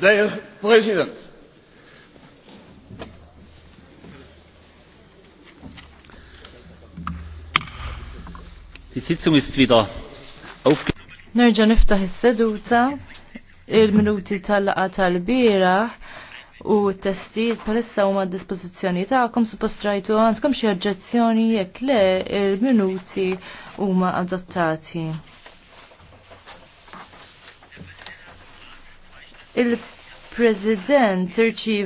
Dear President, Die Sitzung ist wieder aufgenommen. Nerġa' niftaħ is-seduta il-minuti tal-laqa tal-bira u t-testijiet palissa huma d-dispożizzjoni tagħkom suppost rajtu għandkom xi oġġezzjoni jekk le il-minuti huma adottati. il-President irċi